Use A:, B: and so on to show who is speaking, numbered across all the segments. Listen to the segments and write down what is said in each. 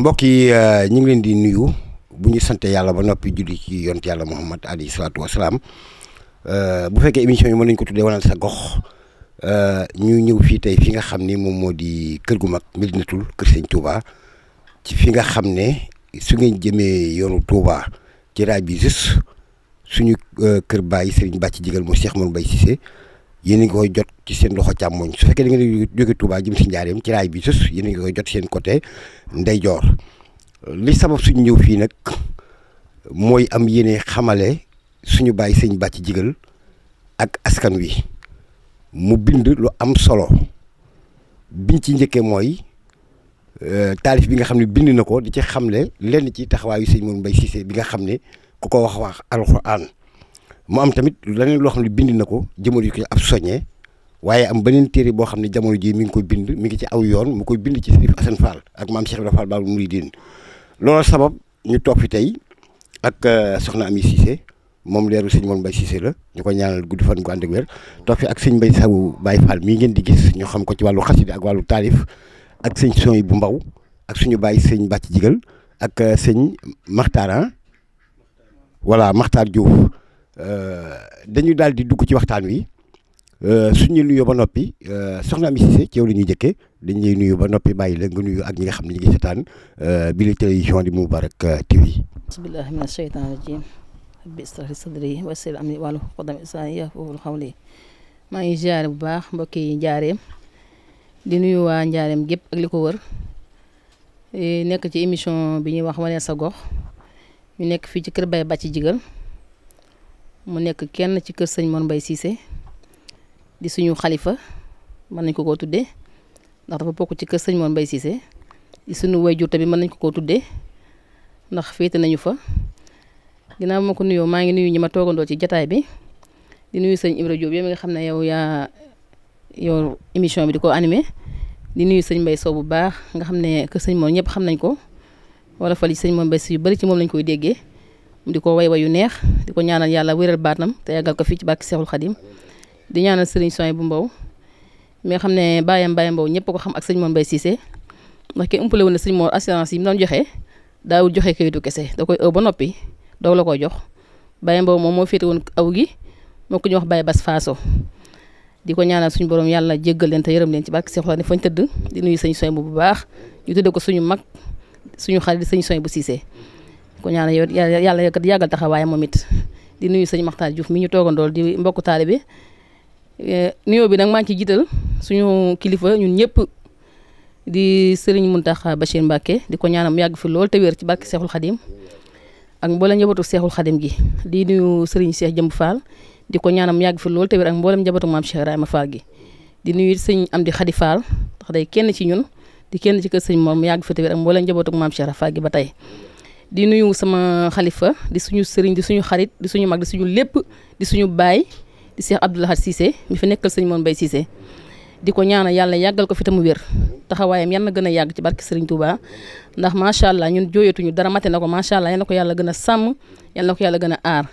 A: mbokk yi euh, ñu ngi leen di nuyu bu ñu sante yàlla ba noppi julli ci yont yàlla Muhammad alayhi salaatu wasalaam euh, bu fekkee émission yi mën nañu ko tuddee wanal sa gox euh, ñu ñëw fii tey fi nga xam ni moom moo di kër gu mag Médinatoul kër sëñ Touba ci fi nga xam ne su ngeen jëmee yoonu Touba ci raay bi juste suñu kër bàyyi sëriñ bàcc jigal mu Cheikh Mor Mbaye Cissé yéen a ngi koy jot ci seen loxo càmmoñ su fekkee da ngeen jóge Touba jëm si Njaareem ci raay bi sus yéen a ngi koy jot seen côté ndeyjoor li sabab suñu ñëw fii nag mooy am yéene xamale suñu bàyyi sëñ bàcc jigal ak askan wi mu bind lu am solo biñ ci njëkkee mooy euh, taalif bi nga xam ne bind na ko di ci xamle lenn ci taxawaayu sëñ moom Mbaye Cissé bi nga xam ne ku ko wax wax alxuraan Ma'am, am tamit leneen lo xamni bind nako jëmul yu ko ab soñé waye am benen téré bo xamni jamono ji mi ngi koy bind mi ngi ci aw yoon mu koy bind ci Sëriñ Assane Fall ak maam Cheikh rafal Fall Baabul Muridiin sabab ñu top fi tay ak euh, soxna Ami Cissé mom leeru seigne mom bay Cissé la ñuko ñaanal guddu fan gu ànd wer top fi ak seigne bay Sabu bay Fall mi ngeen di gis ñu xam ko ci walu xasida ak walu talif ak seigne son yi bu mbaw ak suñu bay seigne jigal ak euh, seigne martara ah? wala martar Diouf Euh, dañu daal di dugg ci waxtaan wi euh, suñu nuyoo ba noppi euh, soxna Amy Cissé ci yow la ñuy njëkkee dañ lay nuyu ba noppi bàyyi la nga nuyu ak ñi nga xam ne ñu ngi seetaan bi la télévision di Moubarak TV.
B: bismillahi mina sheytaani rajim rabbi maa ngi ziare bu baax mbokk yi njaareem di nuyu waa njaareem gépp ak li ko wër eh, nekk ci émission bi ñuy wax wane sa gox ñu nekk fii ci kër Baye Bàcci Jigal mu nekk kenn ci kër sëñ Mor Mbaye Cissé di suñu xalifa mën nañ ko ko tuddee ndax dafa bokk ci kër sëñ moon Mbaye Cissé di suñu wayjur tamit mën nañ ko ko tuddee ndax féete nañu fa ginnaaw ma ko nuyoo maa ngi nuyu ñi ma toogandoo ci jataay bi di nuyu sëñ Ibra Diop yow mi nga xam ne yow yaa yow émission bi di ko anime di nuyu sëñ mbay Sow bu baax nga xam ne kër sëñ Mor ñëpp xam nañ ko wala fali sëñ Mor Mbaye si yu bari ci moom lañ koy déggee. di ko way wayu neex di ko ñaanal yàlla wéral baatam te yàggal ko fii ci bàkki Seexul Xadim di ñaanal sëriñ Soy bu Mbow mi xam ne baayam baayam Mbow ñëpp ko xam ak sëñ Mor Mbaye Cissé ndax kenn umpale na sëñ Mor assurance yi mu doon joxe daawul joxe kayitu kese da koy ba noppi doog la koy jox baayam Mbow moom moo féete woon aw gi moo ko ñuy wax Baye Bas Faso di ko ñaanal suñu borom yàlla jéggal leen te yërëm leen ci bàkki Seexul Xadim fañ tëdd di nuyu sëñ Soy bu baax ñu tudde ko suñu mag suñu xarit sëñ Soy bu Cissé ko ñaanal yow yàlla yàlla yokkat yàggal taxawaayam di nuyu sëñ Makhtar Diouf mi ñu toogandool di mbokku taalibe eh, nuyoo bi nag maa ngi ciy jiital suñu kilifa ñun ñëpp di sëriñ Mountakha Bachir Mbacké di ko ñaanal mu yàgg fi lool te wér ci barke Seexul Xadim ak mboolem njabootu Seexul Xadim gi di nuyu sëriñ Cheikh Jëmb Fall di ko ñaanal mu yàgg fi lool te wér ak mboolem njabootu maam Cheikh Ibrahima Fall gi di nuyu sëñ Amdi Khady Fall day kenn ci ñun di kenn ci kër sëñ moom mu yàgg fi te wér ak mboolem njabootu maam Cheikh Fall gi ba di nuyu sama xalifa di suñu sëriñ di suñu xarit di suñu mag di suñu lépp di suñu baay di Cheikh Abdou Lahad mu mi fi nekkal sëñ Mame Mbaye Cissé di ko ñaanal yàlla yàggal ko fi te mu wér taxawaayam yal na gën a yàgg ci barke Serigne Touba ndax macha allah ñun jooyatuñu dara mate na ko macha allah yal na ko yàlla gën a sàmm yal na ko aar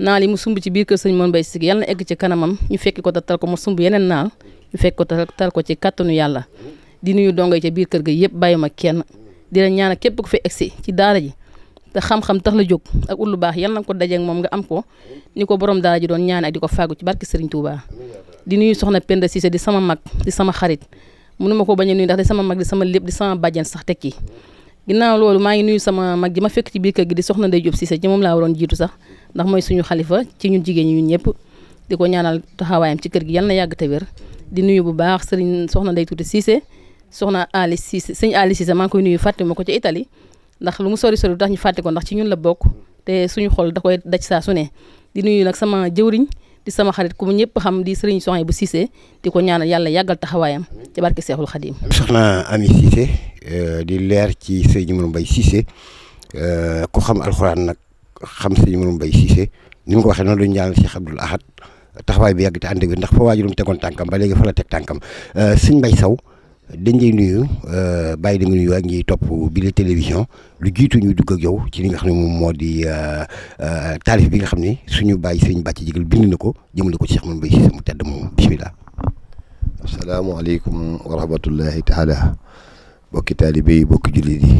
B: naal li mu sumb ci biir kër Serigne moom Mbaye Cissé yal na egg ci kanamam ñu fekki ko tal ko ma sumb yeneen naal ñu fekk ko tal ko ci kàttanu yàlla di nuyu dongo ca biir kër ga yëpp bàyyi ma kenn di la ñaanal képp ku fi si ci daara ji te xam-xam tax la jóg ak ulu baax yan na ko dajeeg moom nga am ko ni ko borom daara ji doon ñaan di ko fàggu ci barke Serigne Touba di nuyu soxna Penda Cissé di sama mag di sama xarit mënuma ko bañ a nuyu ndax di sama mag di sama lépp di sama bàjjen sax tekki ginnaaw loolu maa ngi nuyu sama mag ji ma fekk ci biir kër gi di soxna Ndeye Diop Cissé ci moom laa waroon jiitu sax ndax mooy suñu xalifa ci ñun jigéen ñi ñun ñëpp di ko ñaanal taxawaayam ci kër gi yan na yàgg te wér bu baax Serigne soxna Ndeye Tuuti soxna Aliou Cissé sëñ Aliou Cissé maa ngi koy ma ko ci Italie ndax lu mu sori sori tax ñu ko ndax ci ñun la bokk te suñu xol da koy saa su ne di nuyu nag sama jëwriñ sama xarit ku ñëpp xam di sëriñ Soxna bu Cissé di ko ñaanal yàlla yàggal taxawaayam ci barke Seexul Xadim.
A: soxna Ami Cissé euh, di leer ci sëñ Mourou Mbaye Cissé euh, ku xam alxuraan nag xam sëñ Mourou Mbaye Cissé ni mu ko waxee noonu la ñu ñaanal Cheikh Abdoul Ahad taxawaay bi yàgg te ànd bi ndax fa waajurum tegoon tànkam ba léegi fa la teg tànkam euh, sëñ mbay saw dañ lay nuyu euh, bàyyi di nga nuyu ak ñiy topp bi la télévision lu jiitu ñu dugg ak yow ci li nga xam ne moom moo di euh, euh, taalif bi nga xam ne suñu bàyyi sëñ bàcc jigal bind na ko jëmale ko ci Cheikh Mame mu tedd moom bisimilah. asalaamaaleykum wa rahmatullahi taala
C: bokki taalibe bokki jullit yi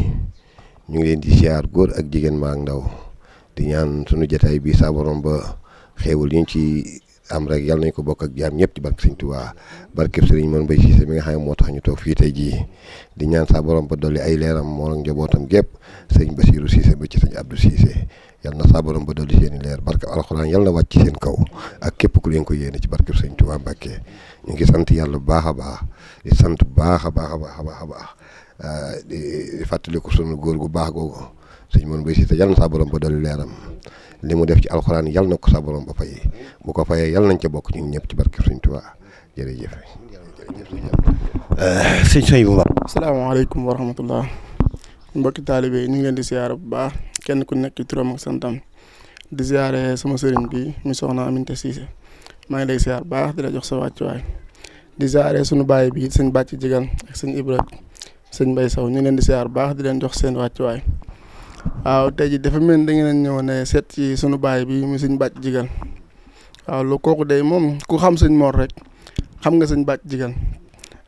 C: ñu ngi leen di ziar góor ak jigéen ma ak ndaw di ñaan suñu jataay bi saa borom ba xéewal ci am rek yàlla nañ ko bokk ak jaam ñëpp ci barke Sëriñ Tuubaa barkeb Sëriñ ne moo tax ñu toog fii tey jii di ñaan saa ba dolli ay leeram moo ak njabootam gépp sëñ Bassirou Cissé ba ci sëñ Abdou Cissé yàlla na saa ba dolli seen i leer barke alxuraan yàlla na wàcc ci seen kaw ak képp ku leen ko yéene ci barkeb Sëriñ Tuubaa Mbàkke ñu ngi sant yàlla bu baax a baax di sant bu baax a baax a baax a baax ah, di fàttaliku sunu góor gu baax googu sëñ Mor Mbaye Cissé yàlla na saa ba dolli leeram li mu def ci alxuraan yal na ko sa borom ba fayee bu ko fayee yal nañ ca bokk ñun ñëpp ci barke Sëriñ Tuubaa jërëjëf jërëjëf eh, sëñ sëñ bu baax.
D: asalaamaaleykum wa rahmatullah mbokki taalibe ñu ngi leen di siyaare bu baax kenn ku nekk ci turam ak santam di siyaare sama sëriñ bi mi soxna Aminta Cissé maa ngi lay siyaar bu baax di la jox sa wàccuwaay di siyaare suñu baay bi sëñ Bàcc Jigal ak sëñ Ibra sëñ Mbay Saw ñu leen di siyaar bu baax di leen jox seen wàccuwaay. waaw tey ji dafa mel ni da ngeen ñëw ne seet ci sunu baay bi mu sëñ bàcc jigal waaw lu kooku day moom ku xam sëñ moor rek xam nga sëñ bàcc jigal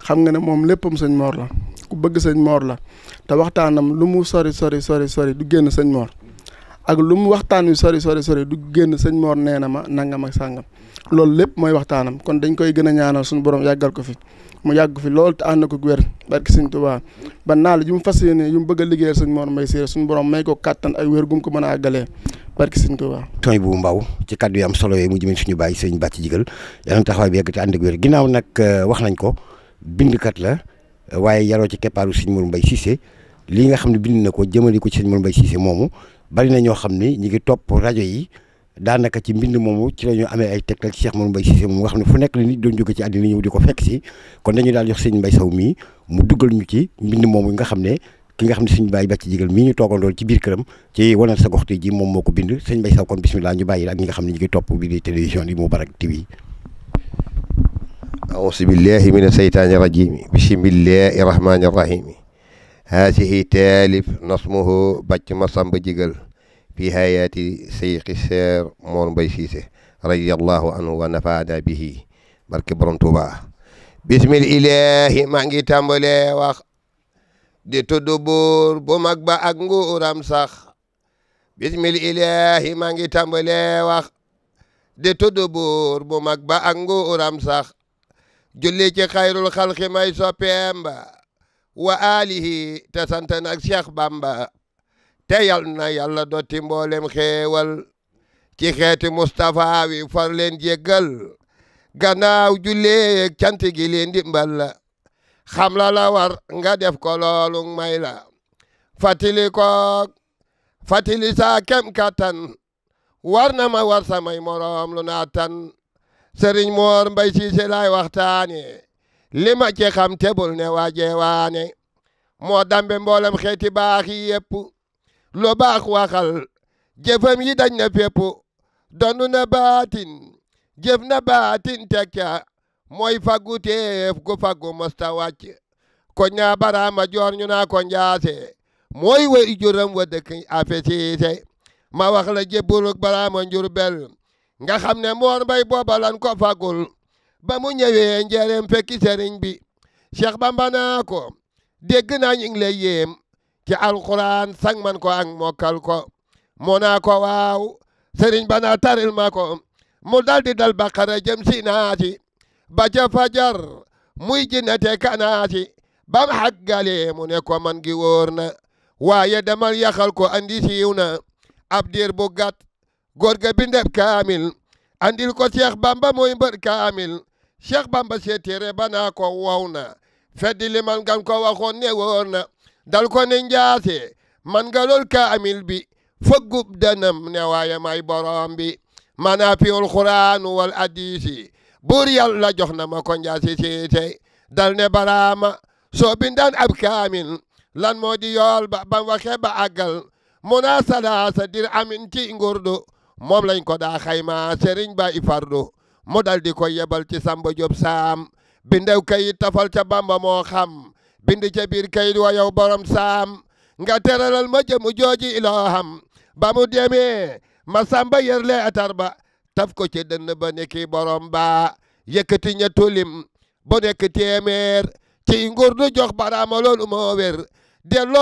D: xam nga ne moom léppam sëñ moor la ku bëgg sëñ moor la te waxtaanam lu mu sori sori sori sori du génn sëñ moor ak lu mu waxtaan wi sori sori sori du génn sëñ moor nee na ma nangam ak sàngam loolu lépp mooy waxtaanam kon dañ koy gën a ñaanal suñu borom yàggal ko fi mu yàgg fi lool te ànd na ko wér barki sëñ Tuubaa naa la yu mu fas a liggéeyal sëñ Mor Mbaye ko kàttan ak wér ko mën a àggalee barki sëñ Tuubaa
A: tooy bu mbaw ci kàddu yi am solo yooyu mu jëmee suñu bàyyi sëñ Bàcc Jigal yàlla na taxawaay bi yegg te ànd ak wér ginnaaw nag euh, wax nañ ko kat la waaye yaroo ci keppaaru sëñ Mor Mbaye Cissé lii nga xam ne bind na ko jëmale ko ci sëñ Mor Mbaye Cissé moomu bari na ñoo xam ne ñu ngi topp rajo yi daanaka ci mbind moomu ci la ñu amee ay tegtal ci Cheikh Mamadou Mbaye Cissé moom nga xam ne fu nekk la nit doon jóge ci àddina ñëw di ko fekk si kon dañu daal jox sëñ Mbaye Sow mii mu duggal ñu ci mbind moomu nga xam ne ki nga xam ne sëñ Baye Bàcc Jigal mii ñu toogandool ci biir këram ci wanal sa gox tey moom moo ko bind sëñ Mbaye Sow kon bismillah ñu bàyyi ak ñi nga xam ne ñu ngi topp bi di télévision di Moubarak TV auzu billahi mina
C: seytaani rajim bismillahi rahmani rahim haasihi taalif nasmuhu Bàcc Masamba Jigal في هيات سيق السير مون بيسيسه رضي الله عنه ونفعنا به برك برون توبا بسم الاله مانغي تامبلي واخ
E: دي تدبور بو ماكبا اك نغورام بسم الاله مانغي تامبلي واخ دي تدبور بو ماكبا اك نغورام صاح جولي تي خير الخلق ماي سوبيمبا وآله تسنتن شيخ بامبا te yal na yàlla dotti mboolem xeewal ci xeeti Mustapha wi far leen jéggal gannaaw julleeg cant gi leen di mbal xam la la war nga def ko loolu may la fatili ko fatili saa kem kattan war na ma war samay moroom lu naa tan sëriñ moor mbay siise laay waxtaane li ma xam tebul ne waajewaane moo dambe mboolem xeeti baax yi lu baax waxal jëfam yi dañ na fépp donn na baatin jëf na baatin tekka mooy faggu teef gu faggu mosta ko ñaa baraama joor ñu naa ko njaase mooy way juram wa dëkk afe siise ma wax la baraama njur bel nga xam ne moor mbay booba ko fagul ba mu ñëwee njereem fekki sëriñ bi Cheikh Bamba naa ko dégg naa ñu ngi ci alquran sang man ko ak mokkal ko moo naa ko waaw sëriñ bana taril ma mu daldi dal baqara jëm naasi ba fajar muy jinnate kanaasi bam xaggale mu ne ko man gi wóor na waaye demal yaxal ko andi siiw ab diir bu gàtt góor bindeb kaamil andil ko Cheikh Bamba muy mbër kaamil Cheikh Bamba seetire banaa ko wow feddi liman gan ko waxoon ne wóor dal ko ne njaase man nga lool kaamil bi fëggub danam ne waaye may borom bi manaafiul xuraanu wal adiisi buur yàlla jox na ma ko njaase siite dal ne baraama soo ab kaamil lan moo di yool ba bam waxee ba àggal munaa salaasa dir amin ci ngurdu moom lañ ko daa xayma sëriñ ba i fardu mu dal di ko yebal ci samba job saam bindew kayit tafal ca bamba moo xam bind ca biir kayit wa yow borom saam nga teralal ma jëmu jooji ilooham ba mu demee ma samba yërle atar ba taf ko ci dënn ba ne kii borom ba yëkkati ñetti lim ba nekk téeméer ci nguur du jox baraama loolu moo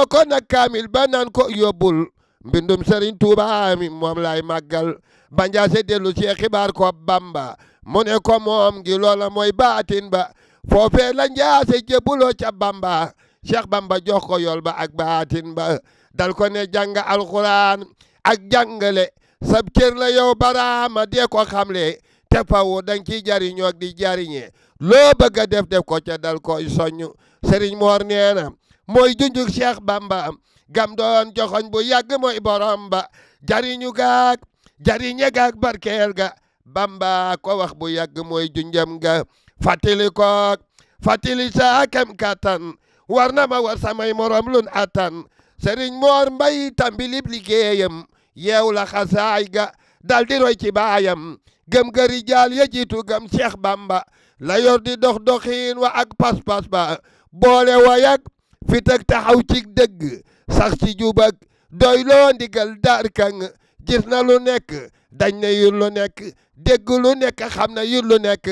E: ko nag kaamil ba naan ko yóbbul mbindum Serigne Touba mi moom lay màggal banjaase dellu see xibaar ko Bamba mu ne ko moom gi loola mooy baatin ba foofee la njaase jébuloo ca bamba cheikh bamba jox ko yool ba ak baatin ba dal ko ne jàng alxuraan ak jàngale sab cër la yow baraama dee ko xamle te fawu dang ciy jariñoo di jariñe loo bëgg def def ko ca dal koy soññ moor nee na junjuk cheikh bamba gam doon joxoñ bu yàgg mooy borom ba jariñu gaag jariñe gaag barkeel ga bamba ko wax bu yàgg mooy junjam ga fàttali koog fàttali saa kem kattan war na ma war samay morom lun attan Serigne Mor Mbaye tambilib liggéeyam yeew la xasaay ga dal di roy ci baayam gëm gëri jaal ya jiitu gëm Bamba la yor di dox doxiin wa ak pas-pas ba boole wayak fit ak taxaw ci dëgg sax ci jubak doy loo ndigal daar kang gis lu nekk dañ ne yu nekk dégg lu nekk xam na yu lu nekk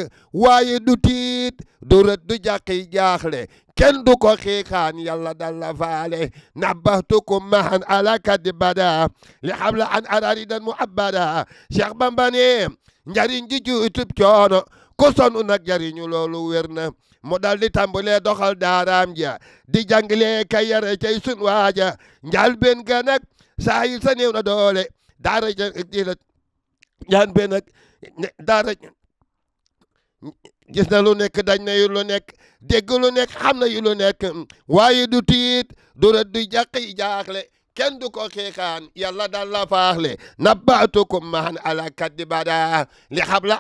E: waaye du tiit du rët du jàqi jaaxle kenn du ko xiixaan yàlla dal la faale nabbahtukum mahan alakad bada li xamla an araridan mu abada Cheikh Bamba ne njariñ ji ju coono ku sonu jariñu loolu wér mu dal di tàmbalee daaraam ja di jàngalee ka yare cay sun waaja njaal ben ga nag sa néew na doole daara ñaan be nag gis na lu nekk dañ na yu lu nekk dégg lu nekk xam na yu lu nekk waaye du tiit du rët du jàq yi jaaxle kenn du ko xeexaan yàlla daal la faaxle nabbaatukum mahan ala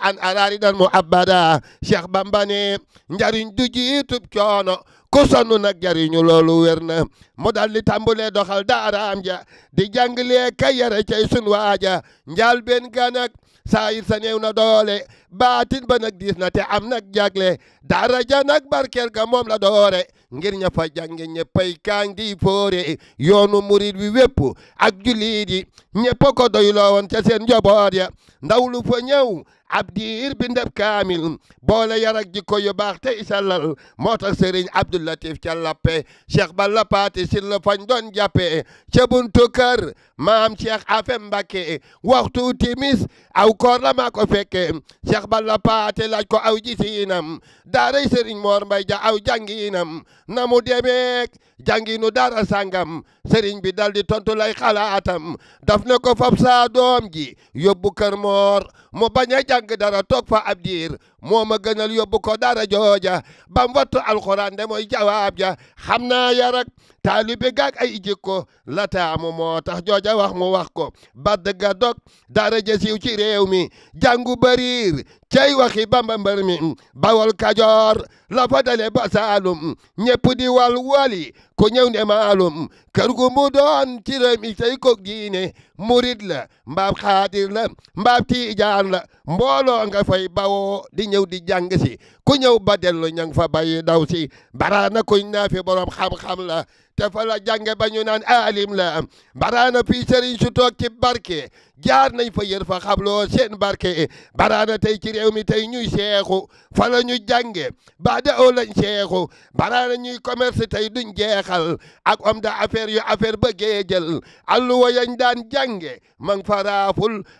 E: an araari dan mu abada cheikh bambane njariñ du jiitub coono ku sonn nag jariñu loolu wér na mu dal di tàmbulee doxal daaraam ja di jàngalee ka yare cay sun waaja njaal benn ganak saayir sa néew na doole baatin ba nag diis na te am nag jagle daara ja nag barkeel ga moom la doore ngir ña fa jànge ñëppay kaañ di foore yoonu murid wi wépp ak jullit yi ñëpp ko doyloo ca seen njaboot ya ndaw lu fa ñëw ab diir bi kaamil boole yar ak jikko yu baax te isallal moo tax sëriñ Abdou Latif ca lappe cheikh balla paati si fañ doon jàppe ca buntu kër maam cheikh afem mbàkke waxtu timis aw koor la maa ko fekke cheikh balla paati laaj aw jisiinam daaray sëriñ moor mbay ja aw jàngiinam na demeek jànginu daara sàngam sëriñ bi dal di tontu lay xalaatam daf ne ko fab saa doom ji yóbbu kër moor mo banyak jang dara tok fa abdir moo ma gënal yóbbu ko dara jooja bam wattu alxuraan de mooy jawaab ja xam naa yarak taalibe gaag ay jikko la taamu moo jooja wax mu wax ko badd ga dara ja ci réew mi jàngu bariir cey waxi bamba mbër mi bawol kajoor la fa dale ba saalum di wal wali ku ñëw ne maalum kër mu doon ci réew mi tey ko diine murit la mbaab xaadir la mbaab tiijaan la mbooloo nga fay bawoo di ñëw di jàng si ku ñëw ba dellu ña nga fa bàyyi daw si na kuñ naa fi borom xam-xam la te fa ba ñu naan alim la am baraana fii sëriñ su jaar nañ fa yër fa xabloo seen barke baraana tey ci réew mi tey ñuy seexu fala ñuy ñu jànge baada oo lañ baraana ñuy commerce tey duñ jeexal ak homme d'affaires yu affaire ba géejël alluwa yañ daan jànge man ng fa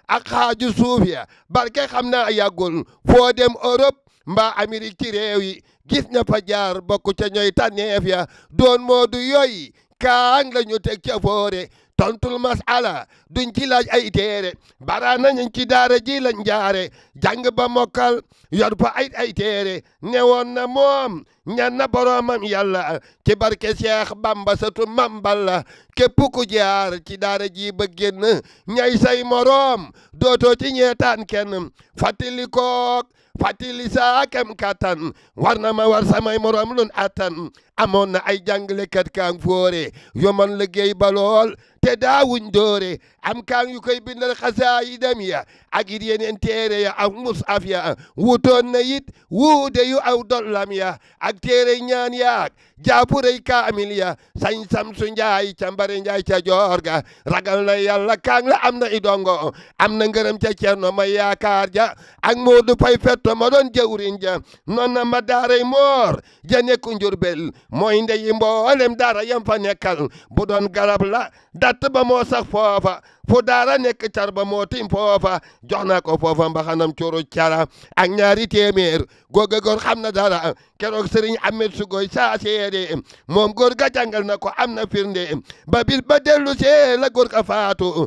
E: ak xaaju suuf ya barke xam naa yàggul foo dem Europe mba Amérique ci réew gis ña fa jaar bokk ca ñooy tànneef ya doon moodu yooyu kaang la ñu teg ca foore tontul masala duñ ci laaj ay téere bara nañu ci daara ji lañ jaare jàng ba mokkal yor fa ay ay téere newoon na moom ñaan na boroomam yàlla ci barke Cheikh Bamba satu mamballa képp ku jaar ci daara ji ba génn ñay say moroom dootoo ci ñeetaan kenn fàttali kook fàttali saa kem kattan war na ma war samay morom lun attan amoon na ay jàngalekat kaang foore yoman liggéey ba lool te daawuñ doore am kaang yu koy bindal xasaayidam ya ak it yeneen téere ya ak musaf ya wutoon na it wuude yu aw dollam ya ak téere ñaan yaak jaapuray kaamil ya sañ samsu njaay ca mbare njaay ca joor ga ragal na yàlla kaang la am na i dongo am na ngërëm ca cerno ma yaakaar ja ak moodu pay fetto ma doon jawrin ja noon na ma daaray moor ja nekku njurbel mooy ndeyi mboolem daara yam fa nekkal bu doon garab la datt ba moo sax foofa fu daara nekk car ba moo tim foofa jox naa ko foofa mbaxanam curu cara ak ñaari téeméer googa góor xam na dara keroog sëriñ Ahmed Sugoy saa seede moom góor ga na ko am na firnde ba bis ba dellu see la góor ga faatu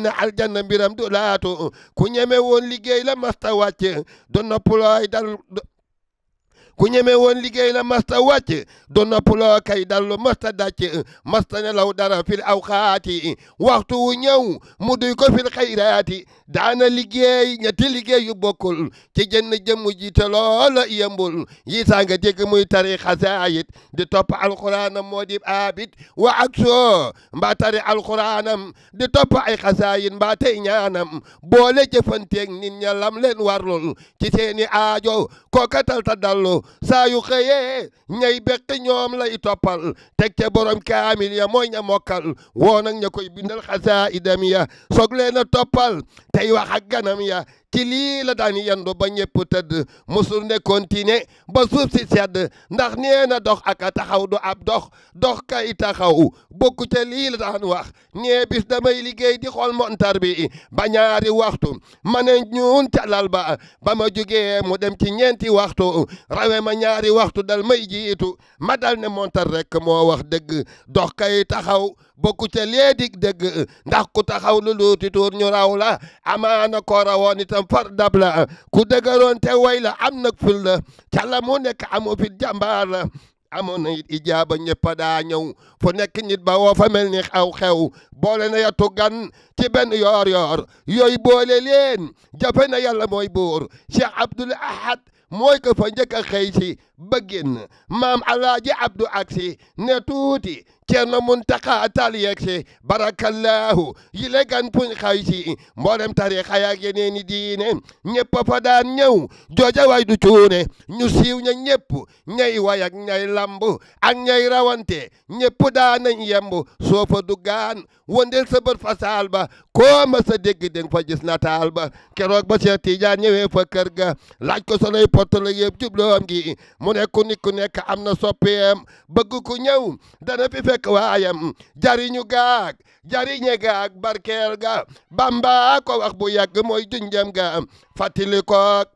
E: na aljanna mbiram du laatu ku ñeme woon liggéey la masta wàcc du nopp dal ku ñeme woon liggéey la masta wàcc doo na puloo kay dallu masta dàcc masta nelaw dara fil awqaati waxtu wu ñëw mu duy ko fil xayraati daana liggéey ñetti liggéey yu bokkul ci jënn jëmm jiite loola yembul yi saa nga dégg muy tari xasaayit di topp alxuraanam moo di abit wa ak soo mbaa tari alxuraanam di topp ay xasaayit mbaa tey ñaanam boole jëfanteeg nit ña lam leen warlul ci seeni aajo kookatal ta dallu saa yu xëyee ñay beqi ñoom lay toppal teg ca borom kaamil ya mooy ña mokkal woo nag ña koy bindal xasaidam ya soog leen a toppal tey wax ak ganam ya ci lii la daan yendu ba ñëpp tëdd mosul nekkoon ti ne ba suuf sedd ndax nee na dox ak a taxaw du ab dox dox kay taxaw bokku ca lii la daan wax nee bis damay liggéey di xool montar bi ba ñaari waxtu ma ne ñuun ca lalba ba ma jugee mu dem ci ñeenti waxtu rawe ma ñaari waxtu dal may jiitu ma dal ne montar rek moo wax dëgg dox kay taxaw bokku ca lee di dëgg ndax ku taxaw lu luuti tuur ñu raw la amaana ko rawoon itam far dab la ku dëgëroon te way la am nag ful la ca la nekk amu fit jàmbaar la amoon na it ijaaba ñëpp daa ñëw fu nekk nit ba woo fa mel ni xew xew boole na yattu gan ci benn yoor yoor yooyu boole leen jafe na yàlla mooy buur Cheikh Abdoul Ahad mooy ko fa njëkk xëy si ba na maam alaaji abdu aksi ne tuuti Ceerno Muntaxa tal yegsi barakallahu yi legan puñ xay si mboolem tarixa yaak yeneeni diine ñëpp fa daan ñëw jooja way du cuune ñu siiw ña ñëpp ñay way ak ñay lamb ak ñay rawante ñëpp daanañ yemb soo fa gaan wondel sa bët fa saal ba koo ma sa dégg dégg fa gis nataal ba keroog ba Seex Tijaan ñëwee fa kër ga laaj ko soley portale jubloom gi mu ne ku nit ku nekk am na soppeem bëgg ku ñëw dana fi fekk waayam jariñu gaag jariñe gaag barkeel ga bamba ko bu yàgg mooy junjam ga fàttali koog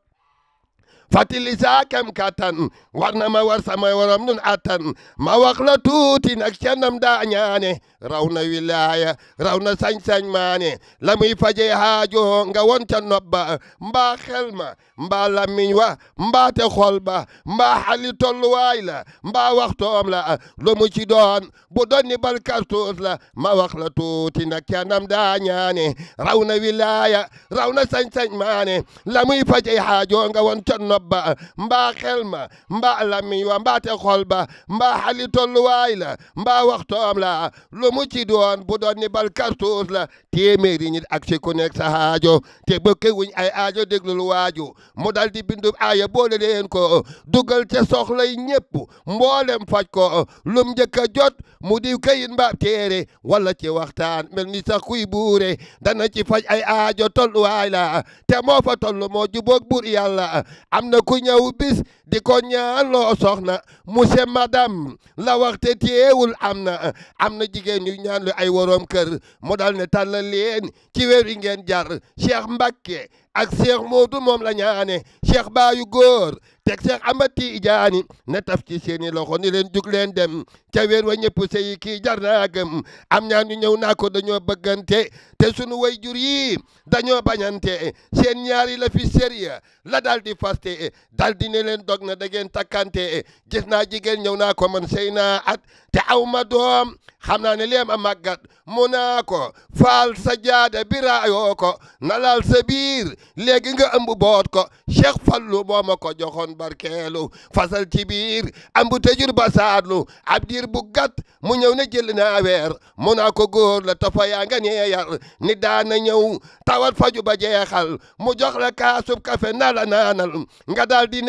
E: fàttali saa kem kàttan war na ma war samay waram nun attan ma wax la tuuti nag cennam daa ñaane raw na wilaaya raw na sañ-sañ maane la muy faje haajo nga wonta nobba mbaa xel ma mbaa làmmiñ wa mbaa te xol ba mbaa xali tolluwaay la mbaa waxtoom la lu mu ci doon bu donni bal kartuus la ma wax la tuuti nag canam daa ñaane raw na wilaaya raw na sañ-sañ maane la muy faje haajo nga wonta nobba mbaa xel ma mbaa làmmiñ wa mbaa te xol ba mbaa xali tolluwaay la mbaa waxtoom la réew mu ci doon bu doon ni bal cartouche la téeméeri nit ak ku nekk sa aajo te bëkke wuñ ay aajo déglul waaju mu dal di bindu aaya boole leen ko dugal ca soxlay ñëpp mboolem faj ko lum njëkk jot mu di kayit mba téere wala ci waxtaan mel ni sax kuy buure dana ci faj ay aajo tolluwaay la te moo fa moo juboog buur yàlla am na ku ñëw bis di ko ñaan loo soxna monsieur madame la waxte téewul am na am na jigéen nuy ñaan lu ay woroom kër mu dal ne tàllal leen ci wér yi ngeen jar Cheikh Mbacke ak Cheikh Modou moom la ñaane Cheikh Bayou Góor teg Cheikh Ahmad Tidiane na taf seeni loxo ni leen jug leen dem ca weer wa ñëpp sey kii jar naa gëm am ñaan ñu ñëw naa ko dañoo bëggante te sunu way jur yi dañoo bañante seen ñaari la fi la daldi di faste daal di ne leen dog na dageen ngeen takkante gis naa jigéen ñëw naa ko man sey naa at te aw ma doom xam naa ne leem a màggat mu naa ko faal sa jaada ko nalaal sa biir léegi nga ëmb boot ko Cheikh Fallu boo ma ko joxoon barkeelu fasal ci biir ëmb tëjur ba saadlu ab diir bu gàtt mu ñëw ne jël naa weer mu naa ko góor la tafa yaa nga nee yar ni daana ñëw tawat faju ba jeexal mu jox la kaasub kafe na la naanal nga daal di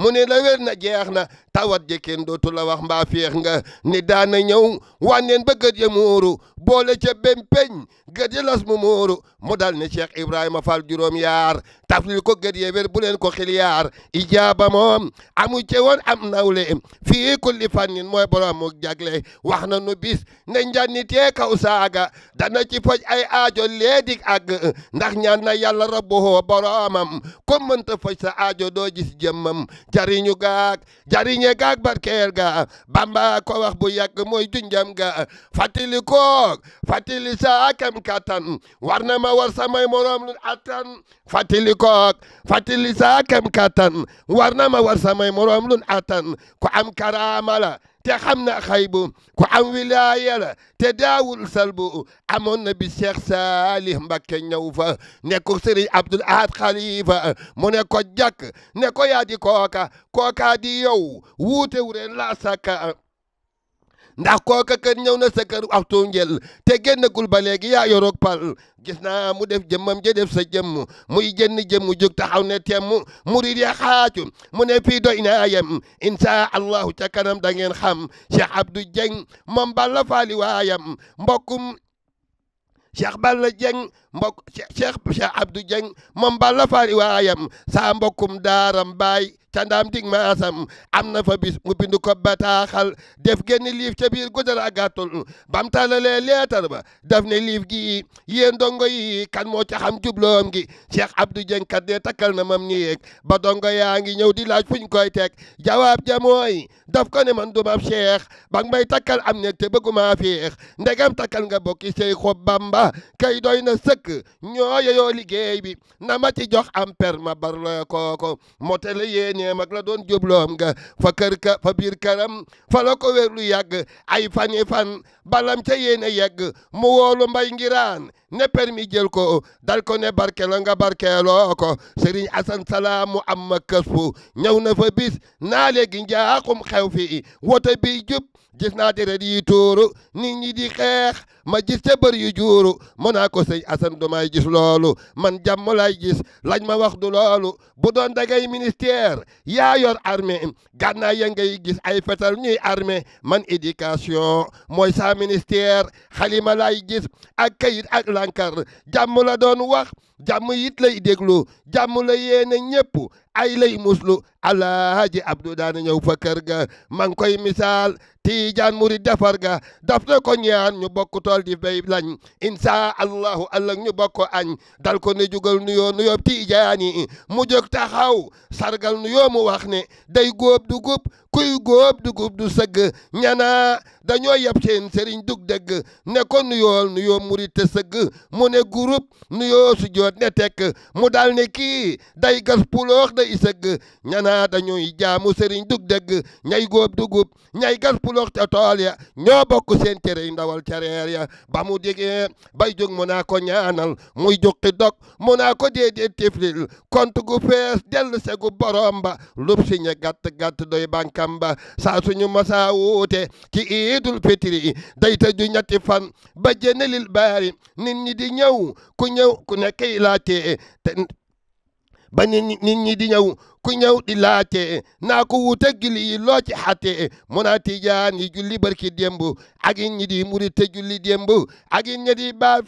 E: mu ne la wér na jeex na tawat ji kenn dootu la wax mbaa féex nga ni daana ñëw wànneen bëggat ya muuru boole ca bempeñ gëddi las mu muuru mu dal ni Cheikh Ibrahima Fall juróom yaar taflil ko gëddi wér bu leen ko xiliyaar ijaaba moom amu ci woon am nawle fii kulli fannin mooy borom mu jagle wax na nu bis ne njannitee kaw saaga dana ci foj ay aajo leedik ag ndax ñaan na yàlla rabbuhu boromam ko mënta foj sa aajo doo gis jëmmam jariñu gaag jariñe gaag barkeer ga bamba ko wax bu yàgg mooy junjam ga fatili koog fatili saakam am kattan war na ma war samay moroom attan fàttali kook fàttali saa kem war na ma war samay moroom lun attan ku am karaama te xam na xaybu ku am wilaaya la te daawul salbu amoon na bi Cheikh Salih Mbakke ñëw fa ne ko Serigne Abdoul Ahad Khalifa mu ne ko jàkk ne ko yaa di kooka di yow wuute wu ren laa sakka ndax kooka kër ñëw na sa kër waxtu njël te génnagul ba léegi yaa yoroog pal gis na mu def jëmmam ja def sa jëmm muy jënn jëmm jóg taxaw ne temm murid ya xaaju mu ne fii doy naa yem incha allahu ca kanam da ngeen xam Cheikh Abdou Dieng moom Balla Faali waayam mbokkum Cheikh Balla Dieng mbokk Cheikh Cheikh Abdou Dieng moom Balla Faali waayam saa mbokkum daaram baay te ndaam dig maasam am na fa bis mu bindu ko bataaxal def génn liif ca biir guddal ak gàttul bam talalee leetar ba daf ne liif gi yéen ndongo yi kan moo ca xam jubloom gi Cheikh Abdou Dieng kat de takkal na mam ni ba dongo yaa ngi ñëw di laaj fuñ koy teg jawaab jamooy daf ko ne man du ma cheikh ba may takkal am nekk te bëgguma féex ndegam takkal nga bokki sey ko bamba kay doy na sëkk ñoo yeyoo liggéey bi na ma ci jox am per ma barlo kooko motele yéene ñeem ak la doon jubloom nga fa kër ka fa biir këram fa la ko wér lu yàgg ay fani fan balam ca yéene yegg mu woolu mbay ngiraan ne permis jël ko dal ko ne barke la barkeeloo ko Serigne Assane Salam am ma kës fu ñëw na fa bis naa léegi njaaxum xew fi wote bi jub gis naa deret yi tuuru nit ñi xeex ma gis ca bër yu juuru naa ko sëñ Assane du gis loolu man jàmm lay gis lañ ma wax du loolu bu doon dagay ministère yaa yor armée gànnaay ya ngay gis ay fetal ñuy armée man éducation mooy saa ministère xalima laay gis ak kayit ak lankar jàmm la doon wax jàmm it lay déglu jàmm la yéene ñëpp ay lay muslu alaaji abdou daana ñëw fa kër ga ma ngi koy misaal tiijaan murid defar ga daf na ko ñaan ñu bokk tool di béy lañ sa allahu allah ñu bokk añ dal ko ne jugal nuyoo nuyoo tiijaan yi mu jóg taxaw sargal nuyoo mu wax ne day góob dugub kuy góob dugub du sëgg ñanaa dañoo yab seen sëriñ dug dëgg ne ko nuyool nuyoo murit te sëgg mu ne groupe nuyoo su joot ne tekk mu daal ne kii day gas puloox day sëgg ñanaa dañuy jaamu sëriñ dug dëgg ñay góob dugub ñay gas puloox suulox ca tool ya ñoo bokk seen cere yi ndawal career ya ba mu digee bay jóg mu naa ko ñaanal muy juqi dog mu naa ko déedéet tiflil kont gu fees dellu segu borom ba lub si ña gàtt-gàtt doy bànkam ba saa suñu masaa wuute ci iidul fitri day tëju ñetti fan ba jënelil baari nit ñi di ñëw ku ñëw ku nekk laajte te ba nit ñi di ñëw ku ñëw di laate naa ko wuute gili yi loo ci xatte muna tijaan yi julli barki démb ak it ñi di julli démb ak it ñi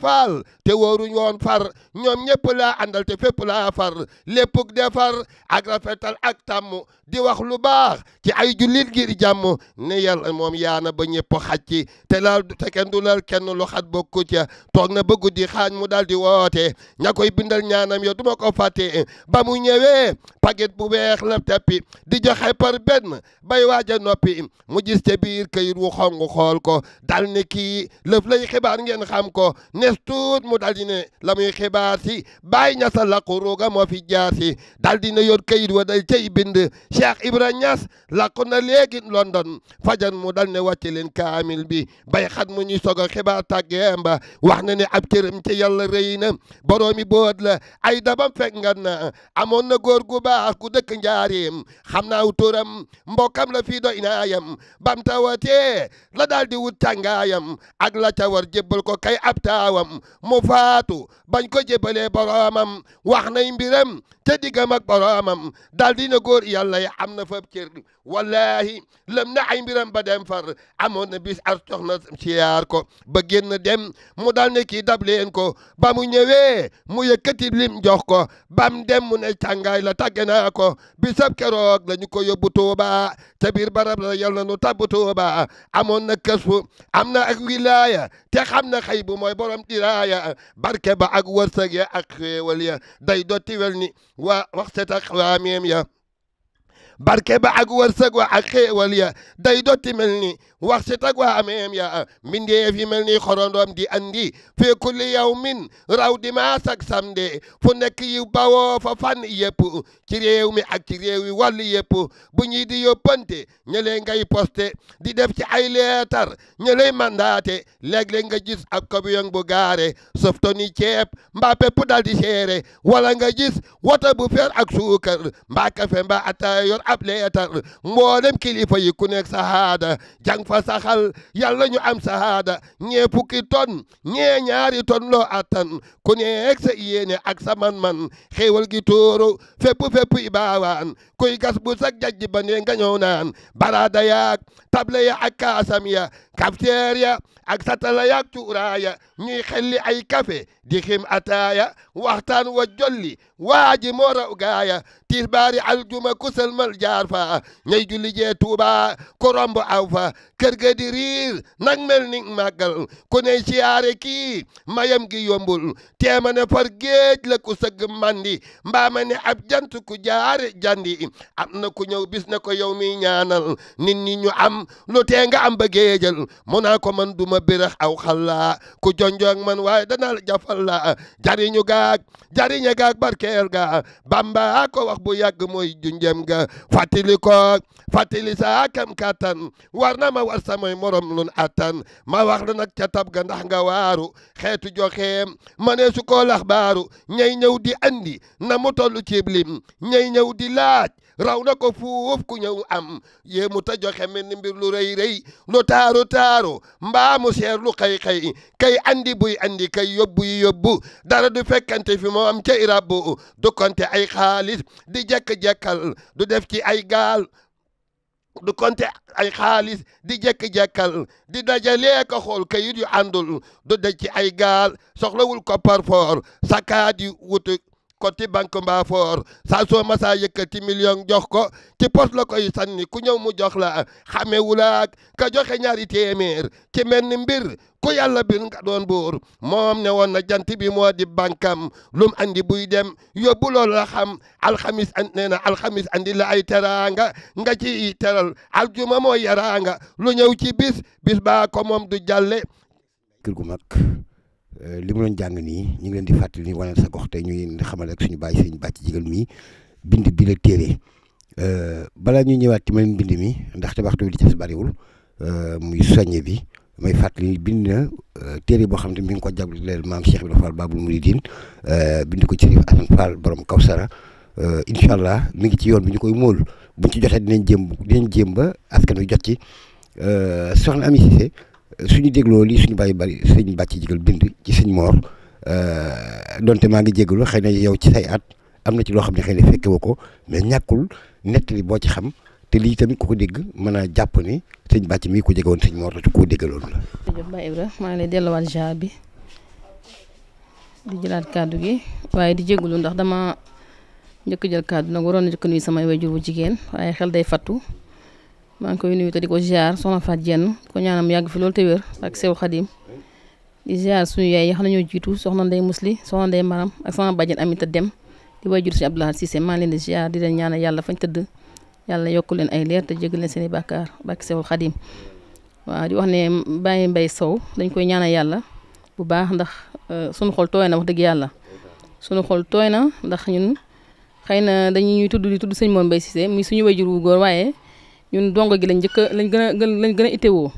E: faal te wóoruñ woon far ñoom ñëpp laa àndal te fépp laa far léppuk defar ak rafetal ak tàmm di wax baax ci ay jullit ngir jàmm ne yàlla moom yaana ba ñëpp xacci te laal te kenn du lal kenn lu xat bokku toog na ba guddi xaañ mu daal di woote ña koy bindal ñaanam yo du ma ba mu ñëwee paget bu weex la tapi di joxe par ben bay waja nopi mu gis ca bir këyit wu xong xol ko dal ne ki leuf lay xibar ngeen xam ko nestut mu dal di lamuy xibar muy xibaar si bàyyi ña sa làqu ruuga moo fi jaar dal di yor këyit wa dal tay bind Cheikh Ibra Niass làqu na léegi London fajan mu dal ne wàcce len kamil bi bay xat mu ñuy soga xibar tagem ba wax na ne ab cëram ci yàlla reyna na boroomi boot la ay dabam fek ngana amon na gor gu baax ku dëkk njaarim na naaw turam mbokkam la fii doy naayam bam tawatee la daal di wut tàngaayam ak la ca war ko kay ab taawam mu faatu bañ ko jébbalee boroomam wax nay mbiram te diggam ak boroomam daal dina góor yàlla yi am na fab cër wallahi lëm na ay mbiram ba dem far amoon na bis ar soxna siyaar ko ba génn dem mu daal ne kii dab ko ba mu ñëwee mu yëkkati lim jox bam dem mu ne tàngaay la tàgge ko bisab keroog la ñu ko yóbbu Tuuba ca biir barab la yal na nu tàbb Tuuba amoon na kasfu am na ak wilaaya te xam na xëy bu mooy borom diraaya barke ba ak wërsëg ya ak xéewal ya day dotti wel ni waa waxset ak waa ya barke ba ak wërsëg wa ak xéewal ya day dotti mel ni wax si tag waa yaa mbindeef yi mel ni xorondoom di andi fii kulli yawmin raw dimanche ak samedi fu nekk yi bawoofa fa fan yëpp ci réew mi ak ci réew yi wàll yëpp bu ñuy di yóbbante ñëlee ngay poste di def ci ay leetar ñëlay mandaate léeg-léeg nga gis ab camion bu gaare sof toni mbaa pepp dal seere wala nga gis wota bu fer ak suukar mbaa kafe mbaa ataaya ab leetar mboolem kilifa yi ku nekk sahaada jàng fa yalla ñu am sahada ñee fukki ton ñe ñaari ton lo atan ku ne ex yene ak sa man-man xéewal gi tóoru fepp fepp ibawan baawaan kuy gas bu sak jajj ba ne naan barada yak table ya ak kaasam ya cafetière ya ak satala yaak cuuraaya ñuy xelli ay café di xim ataya waxtan wa jolli waji mo raw gaaya tisbari aljuma kusel mal jarfa ñay julli je touba ko rombo awfa kër ga di mel ni màggal ku ne siyaare ki mayam gi yombul teema ne far géej la ku sëgg mandi mbaama ne ab jant ku jaare jandi am na ku ñëw bis ne ko yow mi ñaanal nit ñi ñu am lu tee am ba géejal mu ko man duma birax aw xala ku jonjong man waaye danaa la jafal la jariñu gaag jariña gaag barkeel ga bamba ko wax bu yàgg mooy junjëm ga fàttali ko fàttali sa akam kàttan war na ma war samay morom lun attan ma wax la nag ca tab ga ndax nga waaru xeetu joxeem ma ne su ko lax baaru ñay ñëw di andi na mu toll cib lim ñay ñëw di laaj raw na ko fuuf ku ñëw am yéemu ta joxe mel ni mbir lu rëy rëy lu taaru taaru mbaamu mu seer lu xëy kay andi buy andi kay yóbbu yi yóbbu dara du fekkante fi moo am ca irabbu du konte ay xaalis di jekk-jekkal du def ci ay gaal du compté ay xaalis di jekk-jekkal di dajalee ko xool kayit yu àndul du daj ci ay gaal soxlawul ko parfor sakaat yu wutu ko ci banque Mbafoor saa soo masaa yëkkati million jox ko ci poste la koy sànni ku ñëw mu jox la xamewula ak ka joxe ñaari téeméer ci mel mbir ku yàlla bir nga doon buur moom ne woon na jant bi moo di bànkam lum andi buy dem yóbbu loolu la xam alxamis and alxamis andi la ay teraanga nga ci teral aljuma mooy yaraanga lu ñëw ci bis bis baa moom du jàlle
A: kër gu mag Euh, li mu doon jàng nii ñu ngi leen di fàttali ni wanal sa gox te ñu ngi xamal ak suñu baay sëñ bàcc jigal mii bind bi la téere euh, balaa ñuy ñëwaat ci man bind mi ndaxte waxtu bi li ci bariwul euh, muy soññe bi may fàttali bind na téere boo xam ne mi ngi ko jagleel maam Cheikh Ibrahima Fall Babul Mouridine bind ko ci Sëriñ Assane Fall borom Kawsara allah mi ngi ci yoon bi ñu koy móol buñ ci joxee dinañ jëm dinañ jéem ba askan wi jot ci soxna Ami Cissé suñu dégloo lii suñu bàyyi bari sëñ bàcc jigal bind ci sëñ moor euh, donte maa ngi jégalu xëy na yow ci say at am na ci loo xam ne xëy na fekke ko mais ñàkkul nett li boo ci xam te lii tamit ku ko dégg mën a jàpp ni sëñ bàcc mii ko jege woon sëñ moor la te koo déggaloon la.
B: jërëjëf Baye Ibra maa bi di jëlaat kàddu gi waaye di jégalu ndax dama njëkk jël kàddu nag waroon na njëkk nuyu samay waajur bu jigéen waaye xel day fattu. maa ngi koy nuyu te di ko ziar soxna Fatou Dieng ko ñaanam yàgg fi loolu te wér ak sew xadim di ziar suñu yaay yax nañoo jiitu soxna Ndeye Musli soxna Ndeye Maram ak sama bàjjen Aminta Dem di waajur suñu Abdoulaye Cissé maa ngi leen di ziar yàlla fañ tëdd yàlla yokk leen ay leer te jégal leen seen i bàkkaar bàkk sew xadim waaw di wax ne Baye Mbaye Sow dañ koy ñaanal yàlla bu baax ndax euh, suñu xol tooy na wax dëgg yàlla suñu xol tooy na ndax ñun xëy na dañuy ñuy tudd di tudd sëñ Mor Mbaye Cissé muy suñu waajur wu góor waaye ñun dongo gi lañ njëkk a lañ gën a lañ gën a itteewoo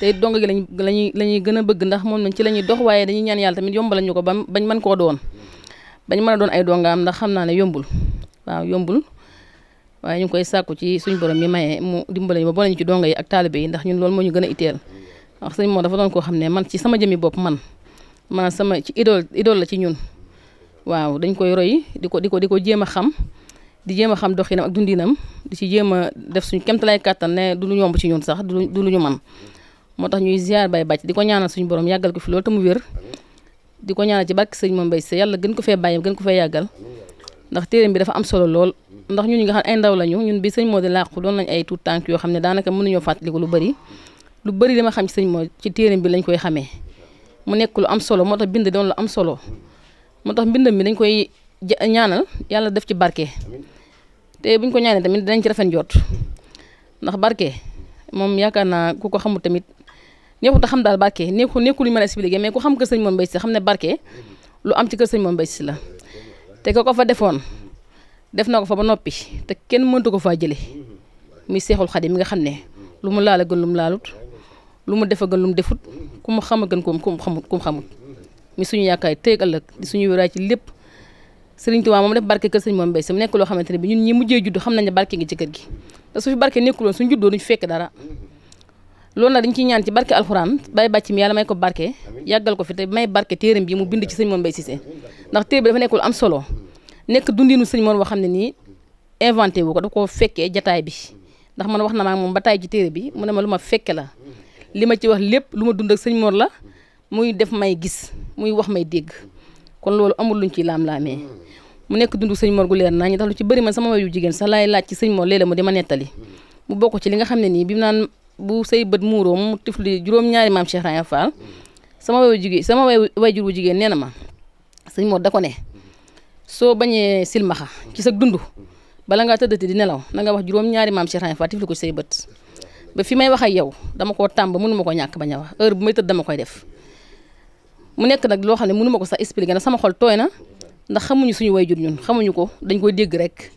B: te it dongo gi lañ lañuy la ñuy gën a bëgg ndax moom nañ ci la ñuy dox waaye dañuy ñaan yàlla tamit yombal ñu ko bam bañ man koo doon bañ man a doon ay dongaam ndax xam naa ne yombul waaw yombul waaye ñu koy sàkku ci suñ borom mi maye mu dimbale ba boole ñu ci dongo yi ak taalibe ndax ñun loolu moo ñu gën a itteel wax moo dafa doon koo xam ne man ci sama jëmi bopp man man sama ci idole idole la ci ñun waaw dañ koy roy di ko di ko di ko jéem a xam di jéem a xam doxinam ak dundinam di ci jéem a def suñu kemtalaay kàttan ne du lu yomb ci ñun sax du lu ñu man moo tax ñuy ziar bay bàcc di ko ñaanal suñu borom yàggal ko fi loolu te mu wér di ko ñaanal ci barke sëñ Mame Mbaye Sy yàlla gën ko fee bàyyi gën ko fee yàggal ndax téeréem bi dafa am solo lool ndax ñun ñi nga xam ay ndaw lañu ñun bi sëñ moo di làqu doon lañ ay tout tànk yoo xam ne daanaka mënuñoo ko lu bëri lu bari dama xam ci sëñ moo ci téeréem bi lañ koy xamee mu nekk lu am solo moo tax bind doon lu am solo ñaanal yàlla def ci barke te buñ ko ñaanee tamit dañ ci rafet jot ndax barke moom yaakaar naa ku ko xamul tamit neexut a xam daal barke neexu neexu lu ñu mën a expliquer mais ku xam kër sañ moom Mbaye si xam ne barke lu am ci kër sañ Mor Mbaye si la te ko ko fa defoon def na ko fa ba noppi te kenn mëntu ko faa jële muy seexul xadim mi nga xam ne lu mu laal a gën lu mu laalut lu mu def a gën lu defut ku mu xam a gën ku mu xamut ku mu suñu yaakaar téeg suñu wéraay lépp Serigne Touba moom def barke kër sëñ moom béy sam nekk loo xamante ne bi ñun ñi mujjee judd xam nañ ne barke ngi ci kër gi te su fi barke nekkuloon suñ juddoo duñ fekk dara loolu nag dañ ciy ñaan ci barke alxuraan bay bàcc mi yàlla may ko barke yàggal ko fi te may barke téeram bi mu bind ci sëñ moom béy Cissé ndax téere bi dafa nekk lu am solo nekk dundinu sëñ moom boo xam ne nii inventé wu ko daf ko fekkee jataay bi ndax man wax na maa moom ba taay ci téere bi mu ne ma lu ma fekke la li ma ci wax lépp lu ma dund ak sëñ Mor la muy def may gis muy wax may dégg kon loolu amul luñ ciy laam-laamee mu nekk dundu sëñ Mor gu leer naa ñu ci bari ma sama wayu jigéen sax laay laaj ci sëñ Mor léeg-léeg mu di ma nettali mu bokk ci li nga xam ne nii bi mu naan bu say bët muuroo mu tifli juróom-ñaari maam Cheikh Raya sama wayu jigéen sama wayjur wu jigéen nee na ma sëñ Mor da ko ne soo bañee silmaxa ci sa dund bala ngaa tëddati di nelaw na nga wax juróom-ñaari maam Cheikh Raya tifli ko ci bët ba fi may wax ak yow dama koo tàmb mënu ma ko ñàkk bañ wax heure bu may tëdd dama koy def mu nekk nag loo xam ne mënu ma ko sax expliquer na sama xol tooy na ndax xamuñu suñu way wayjur ñun xamuñu ko dañ koy dégg rek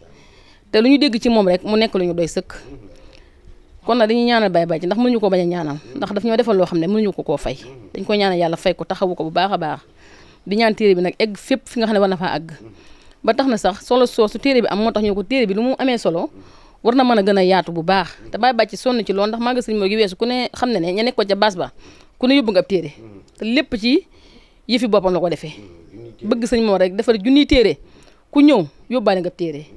B: te lu ñu dégg ci moom rek mu nekk lu ñu doy sëkk kon nag dañuy ñaanal Baye Badji ndax mënuñu ko bañ a ñaanal ndax daf defal loo xam ne mënuñu ko koo fay dañ koy ñaanal yàlla fay ko taxawu ko bu baax a baax di ñaan téere bi nag egg fépp fi nga xam ne war na faa àgg ba tax na sax solo soo su téere bi am moo tax ñu ko téere bi lu mu amee solo war na mën a a yaatu baax te Baye Badji ci loolu ndax maa nga sëñ moo gi weesu ku ne xam ne ne ña nekkoon ca baas ba ku ne yóbbu nga ab téere te lépp ci yëfi boppam la ko defee mm, bëgg sëñ moom rek defar junniy téere ku ñëw yóbbaale nga téere